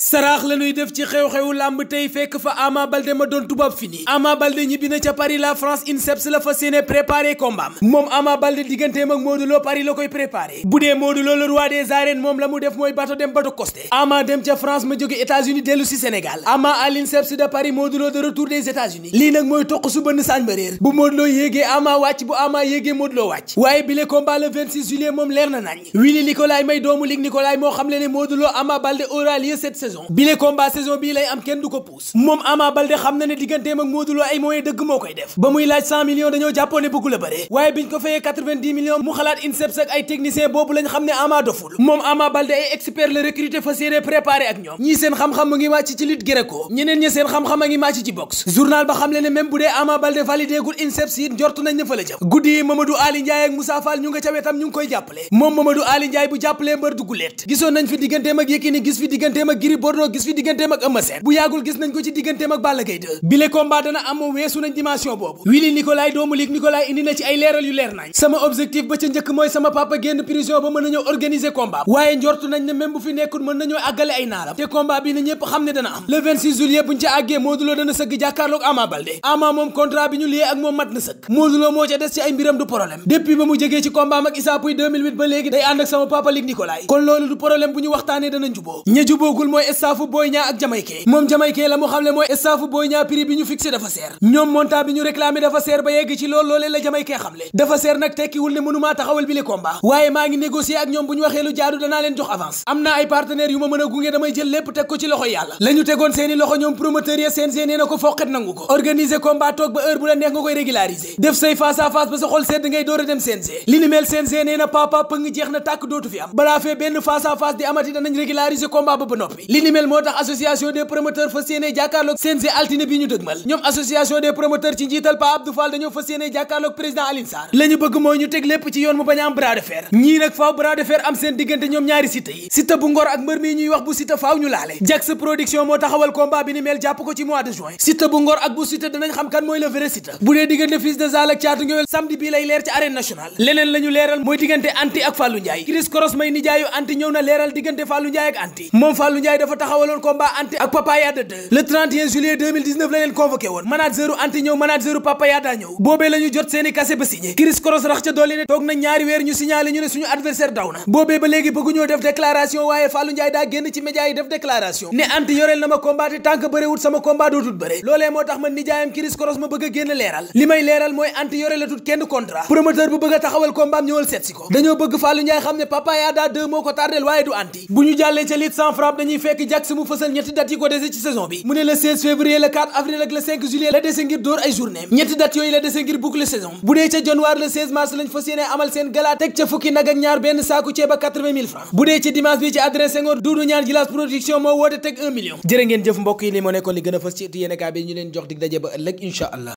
saraax la ñuy def ci xew-xewu làmb tey fekk fa Ama Baldé ma doon tubaab fini Ama Baldé ñibbi na ca Paris la France INSEPS la fa séene préparé combat moom Ama Baldé digganteem ak Modou Paris la koy préparé bu dee Modou roi des arènes moom la mu def mooy bato dem bato costé Ama dem ca France ma jóge États-Unis dellu si Sénégal Ama à l'INSEPS de Paris Modou de retour des États-Unis lii nag mooy toq su bënn saan baréer bu Modou Lo Ama wàcc bu saison bile saison bii lay am kenn du ko puus moom Ama Baldé xam na ne digganteem ak Modou Lo ay moyens dëgg moo koy def ba muy laaj 100 dañoo jàppoon ne bëggu la bëre waaye biñ ko fayee 90 mu xalaat INSEPS ak ay technicien boobu lañ xam ne Ama doful moom Ama Baldé ay expert la recruté fa séeré préparé ak ñoom ñii seen xam-xam mu ngi màcc ci lutte gréco ñeneen ñi seen xam-xam a ngi màcc ci boxe journal ba xam le ne même bu dee Ama Bordeaux gis fi digganteem ak Eumeu Sène bu yàggul gis nañ ko ci digganteem ak Balla Gaye 2 bile dana am moom weesu nañ dimension boobu Willy Nicolay doomu Luc Nicolay indi na ci ay leeral yu leer nañ sama objectif ba ca njëkk mooy sama papa génn prison ba mën a ñëw organiser waaye njortu nañ ne même fi nekkul mën nañoo àggale ay naaram te combat bi na ñëpp xam ne dana am le 26 juillet buñ ca àggee moo du problème dana juboo ña staffu Boy Niang ak Jamaïcain moom Jamaïcain la mu xamle mooy staffu Boy Niang prix bi ñu fixé dafa seer ñoom montant bi ñu réclamé dafa seer ba yegg ci lool loolee la Jamaïcain xamle dafa seer nag tekkiwul ne mënumaa taxawal bi le combat waaye maa ngi négocier ak ñoom bu ñu waxee lu jaadu danaa leen jox avance am naa ay partenaires yu ma mën a gunge damay jël lépp teg ko ci loxo yàlla la ñu tegoon seeni loxo ñoom promoteurs ya CNG nee na ko foqet nangu na papa pëng jeex na tàkk dootu fi am balaa fee benn face à face di amati danañ régulariser combat li ni mel moo tax association des promoteurs fas yéene jàkkaarloog CNG altine bi ñu dëgmal ñoom association des promoteurs ci njiital Pa Abdou Fall dañoo fas yéene jàkkaarloog président Alioune Sarr bëgg mooy ñu teg lépp ci yoon mu bañ a am bras de fer ñii nag faaw bras de fer am seen diggante ñoom ñaari Siteu yi Siteu bu Ngor ak mbër mi ñuy wax bu Siteu faaw ñu laale Jax production moo taxawal combat bi jàpp ko ci mois de juin Siteu bu Ngor dafa taxawaloon combat Anta ak Papa Yada 2 le 31 juillet 2019 la leen convoqué woon manageru Anta ñëw manageru ñëw boobee la jot seeni kase ba signé Chris Cross rax ca dolli ne toog na ñaari weer ñu signalé ñu ne suñu adversaire daw na boobee ba léegi bëgguñoo def déclaration waaye Fallou Ndiaye daa génn ci média yi def déclaration ne Anta yoreel na ma combat tànk bëréwut sama combat dootul bëre loolee moo tax man nijaayam Chris Cross a génn leeral li may leeral mooy Anta a taxawal combat am ñëwal seet si ko dañoo bëgg Fallou Ndiaye xam fekk Jax mu fësal ñetti date yi ko dese ci saison bi mu ne le 16 février avril ak le 5 la dese ngir dóor ay journée ñetti date yooyu la dese ngir boucler saison bu dee ca janvier le 16 mars lañ fas yéene amal seen gala teg ca fukki nag ñaar benn saaku ceeb ak 80 000 francs bu dee ci dimanche bi ci adresse Senghor Doudou Niane Djilass production moo woote teg 1 million jërë ngeen jëf mbokk yi li moo nekkoon li gën a fës ci yéene